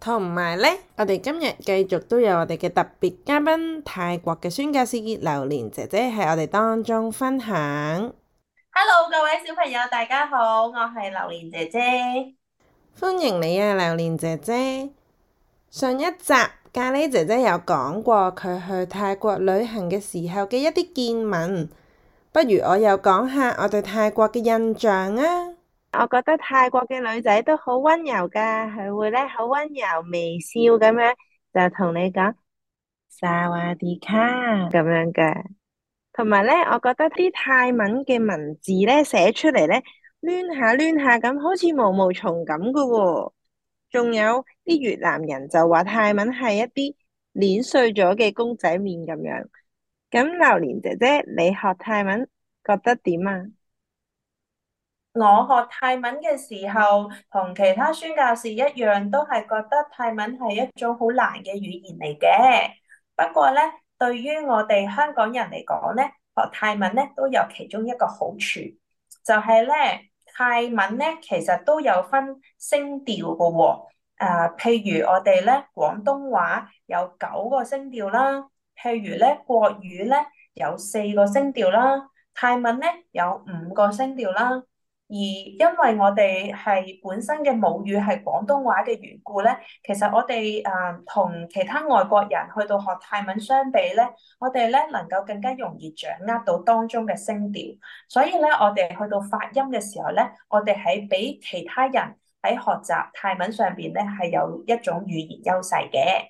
同埋呢，我哋今日繼續都有我哋嘅特別嘉賓泰國嘅宣教士榴蓮姐姐喺我哋當中分享。Hello，各位小朋友，大家好，我係榴蓮姐姐，歡迎你啊，榴蓮姐姐。上一集咖喱姐姐有講過佢去泰國旅行嘅時候嘅一啲見聞，不如我又講下我對泰國嘅印象啊。我覺得泰國嘅女仔都好溫柔噶，佢會咧好溫柔微笑咁樣就同你講“สวัสดี卡”咁樣嘅。同埋咧，我覺得啲泰文嘅文字咧寫出嚟咧，攣下攣下咁，好似毛毛蟲咁噶喎。仲有啲越南人就話泰文係一啲碾碎咗嘅公仔麵咁樣。咁榴蓮姐姐，你學泰文覺得點啊？我學泰文嘅時候，同其他宣教士一樣，都係覺得泰文係一種好難嘅語言嚟嘅。不過咧，對於我哋香港人嚟講咧，學泰文咧都有其中一個好處，就係、是、咧泰文咧其實都有分聲調㗎。誒、呃，譬如我哋咧廣東話有九個聲調啦，譬如咧國語咧有四個聲調啦，泰文咧有五個聲調啦。而因為我哋係本身嘅母語係廣東話嘅緣故咧，其實我哋誒同其他外國人去到學泰文相比咧，我哋咧能夠更加容易掌握到當中嘅聲調，所以咧我哋去到發音嘅時候咧，我哋係比其他人喺學習泰文上邊咧係有一種語言優勢嘅。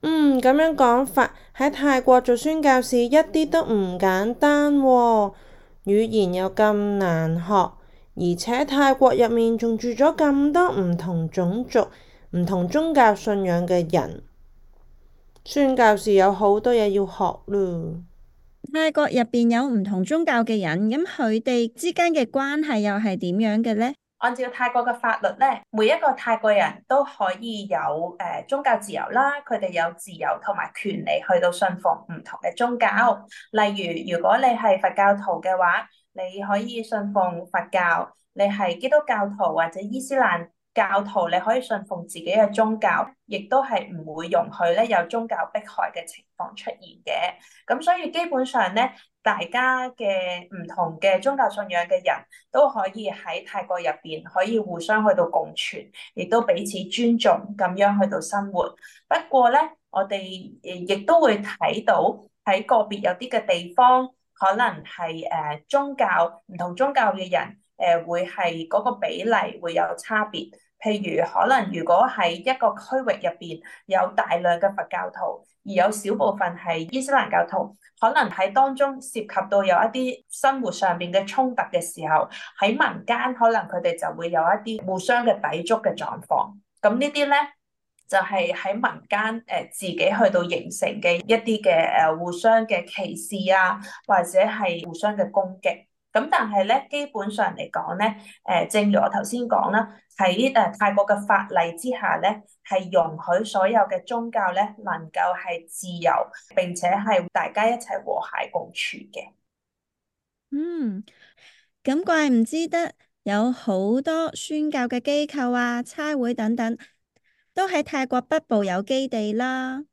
嗯，咁樣講法喺泰國做宣教士，一啲都唔簡單喎、哦。語言又咁難學，而且泰國入面仲住咗咁多唔同種族、唔同宗教信仰嘅人，宣教士有好多嘢要學咯。泰國入邊有唔同宗教嘅人，咁佢哋之間嘅關係又係點樣嘅咧？按照泰國嘅法律咧，每一個泰國人都可以有誒宗教自由啦，佢哋有自由同埋權利去到信奉唔同嘅宗教。例如，如果你係佛教徒嘅話，你可以信奉佛教；你係基督教徒或者伊斯蘭教徒你可以信奉自己嘅宗教，亦都係唔會容許咧有宗教迫害嘅情況出現嘅。咁所以基本上咧，大家嘅唔同嘅宗教信仰嘅人都可以喺泰國入邊可以互相去到共存，亦都彼此尊重，咁樣去到生活。不過咧，我哋亦都會睇到喺個別有啲嘅地方，可能係誒宗教唔同宗教嘅人誒會係嗰個比例會有差別。譬如可能，如果喺一個區域入邊有大量嘅佛教徒，而有少部分係伊斯蘭教徒，可能喺當中涉及到有一啲生活上邊嘅衝突嘅時候，喺民間可能佢哋就會有一啲互相嘅抵觸嘅狀況。咁呢啲咧就係喺民間誒自己去到形成嘅一啲嘅誒互相嘅歧視啊，或者係互相嘅攻擊。咁但係咧，基本上嚟講咧，誒，正如我頭先講啦，喺誒泰國嘅法例之下咧，係容許所有嘅宗教咧能夠係自由並且係大家一齊和諧共處嘅。嗯，咁怪唔知得有好多宣教嘅機構啊、差會等等都喺泰國北部有基地啦。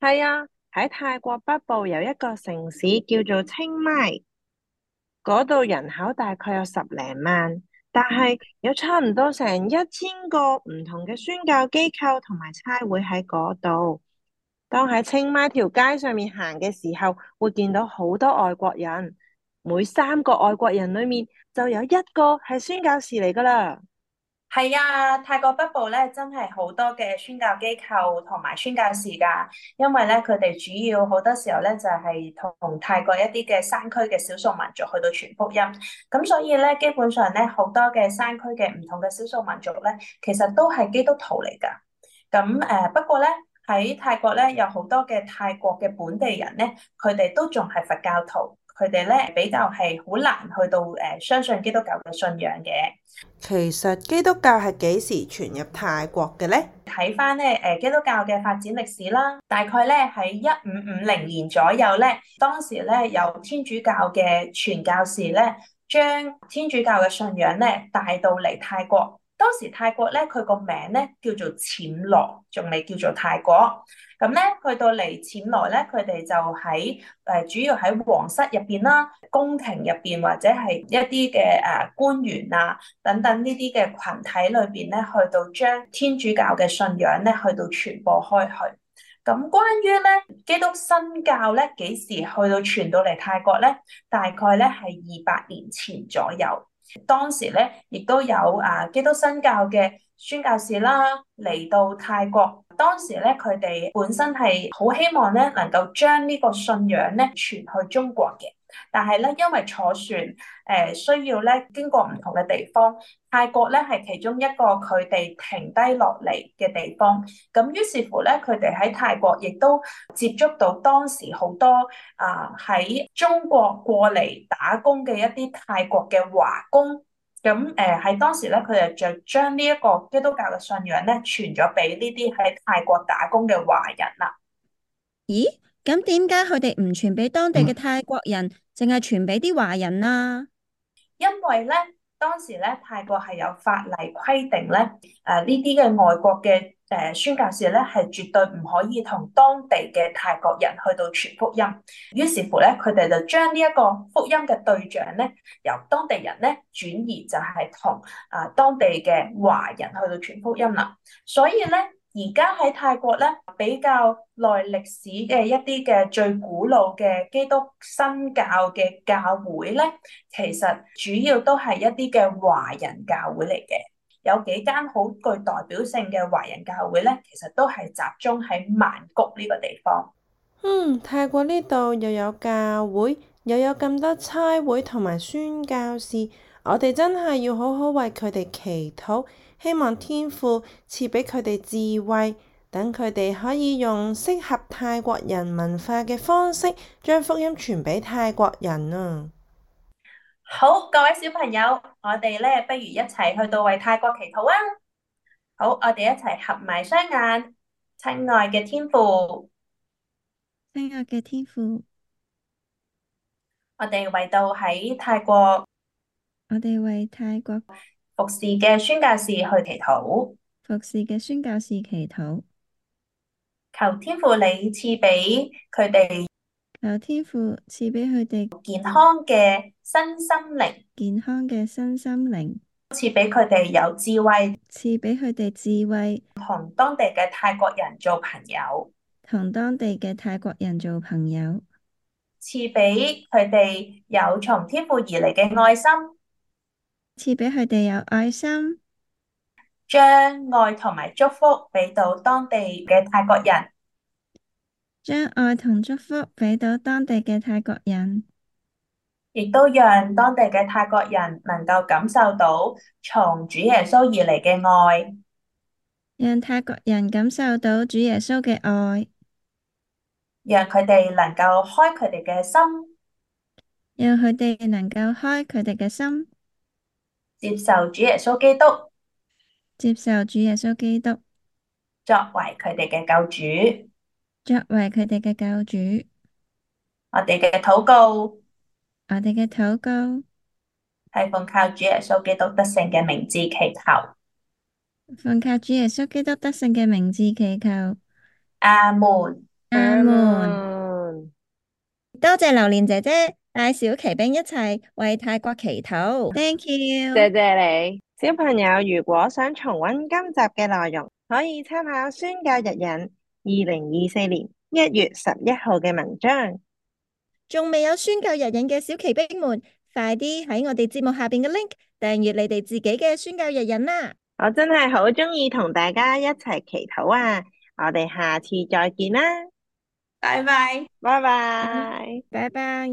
係、嗯、啊，喺泰、啊、泰國北部有一個城市叫做清邁。嗰度人口大概有十零萬，但係有差唔多成一千個唔同嘅宣教機構同埋差會喺嗰度。當喺清邁條街上面行嘅時候，會見到好多外國人，每三個外國人裏面就有一個係宣教士嚟㗎啦。係啊，泰國北部咧真係好多嘅宣教機構同埋宣教士噶，因為咧佢哋主要好多時候咧就係同泰國一啲嘅山區嘅少數民族去到傳福音，咁所以咧基本上咧好多嘅山區嘅唔同嘅少數民族咧，其實都係基督徒嚟噶，咁誒不過咧喺泰國咧有好多嘅泰國嘅本地人咧，佢哋都仲係佛教徒。佢哋咧比較係好難去到誒相信基督教嘅信仰嘅。其實基督教係幾時傳入泰國嘅咧？睇返咧誒基督教嘅發展歷史啦，大概咧喺一五五零年左右咧，當時咧有天主教嘅傳教士咧，將天主教嘅信仰咧帶到嚟泰國。當時泰國咧，佢個名咧叫做暹羅，仲未叫做泰國。咁咧去到嚟暹羅咧，佢哋就喺誒、呃、主要喺皇室入邊啦、宮廷入邊或者係一啲嘅誒官員啊等等呢啲嘅群體裏邊咧，去到將天主教嘅信仰咧，去到傳播開去。咁關於咧基督新教咧，幾時去到傳到嚟泰國咧？大概咧係二百年前左右。當時咧，亦都有啊，基督新教嘅宣教士啦，嚟到泰國。當時咧，佢哋本身係好希望咧，能夠將呢個信仰咧，傳去中國嘅。但係咧，因為坐船，誒、呃、需要咧經過唔同嘅地方，泰國咧係其中一個佢哋停低落嚟嘅地方，咁於是乎咧，佢哋喺泰國亦都接觸到當時好多啊喺、呃、中國過嚟打工嘅一啲泰國嘅華工，咁誒喺當時咧，佢哋就將呢一個基督教嘅信仰咧傳咗俾呢啲喺泰國打工嘅華人啦。咦？咁點解佢哋唔傳俾當地嘅泰國人，淨係傳俾啲華人啊？因為咧，當時咧泰國係有法例規定咧，誒呢啲嘅外國嘅誒、呃、宣教士咧係絕對唔可以同當地嘅泰國人去到傳福音。於是乎咧，佢哋就將呢一個福音嘅對象咧，由當地人咧轉移就，就係同啊當地嘅華人去到傳福音啦。所以咧。而家喺泰國咧，比較耐歷史嘅一啲嘅最古老嘅基督新教嘅教會咧，其實主要都係一啲嘅華人教會嚟嘅。有幾間好具代表性嘅華人教會咧，其實都係集中喺曼谷呢個地方。嗯，泰國呢度又有教會，又有咁多差會同埋宣教士，我哋真係要好好為佢哋祈禱。希望天父賜俾佢哋智慧，等佢哋可以用適合泰國人文化嘅方式，將福音傳俾泰國人啊！好，各位小朋友，我哋咧不如一齊去到為泰國祈禱啊！好，我哋一齊合埋雙眼，親愛嘅天父，親愛嘅天父，我哋為到喺泰國，我哋為泰國，服侍嘅宣教士去祈禱，服侍嘅宣教士祈禱，求天父你賜俾佢哋，求天父賜俾佢哋健康嘅身心靈，健康嘅身心靈，賜俾佢哋有智慧，賜俾佢哋智慧，同當地嘅泰國人做朋友，同當地嘅泰國人做朋友，賜俾佢哋有從天父而嚟嘅愛心。賜俾佢哋有愛心，將愛同埋祝福俾到當地嘅泰國人，將愛同祝福俾到當地嘅泰國人，亦都讓當地嘅泰國人能夠感受到從主耶穌而嚟嘅愛，讓泰國人感受到主耶穌嘅愛，讓佢哋能夠開佢哋嘅心，讓佢哋能夠開佢哋嘅心。接受主耶穌基督，接受主耶穌基督作為佢哋嘅救主，作為佢哋嘅救主。我哋嘅禱告，我哋嘅禱告係奉靠主耶穌基督得勝嘅名字祈求，奉靠主耶穌基督得勝嘅名字祈求。阿門，阿門。多謝榴蓮姐姐、姐、姐。帶小奇兵一齊為泰國祈禱。Thank you，謝謝你。小朋友如果想重温今集嘅內容，可以參考宣教日引二零二四年一月十一號嘅文章。仲未有宣教日引嘅小奇兵們，快啲喺我哋節目下邊嘅 link 訂閱你哋自己嘅宣教日引啦。我真係好中意同大家一齊祈禱啊！我哋下次再見啦，拜拜，拜拜，拜拜。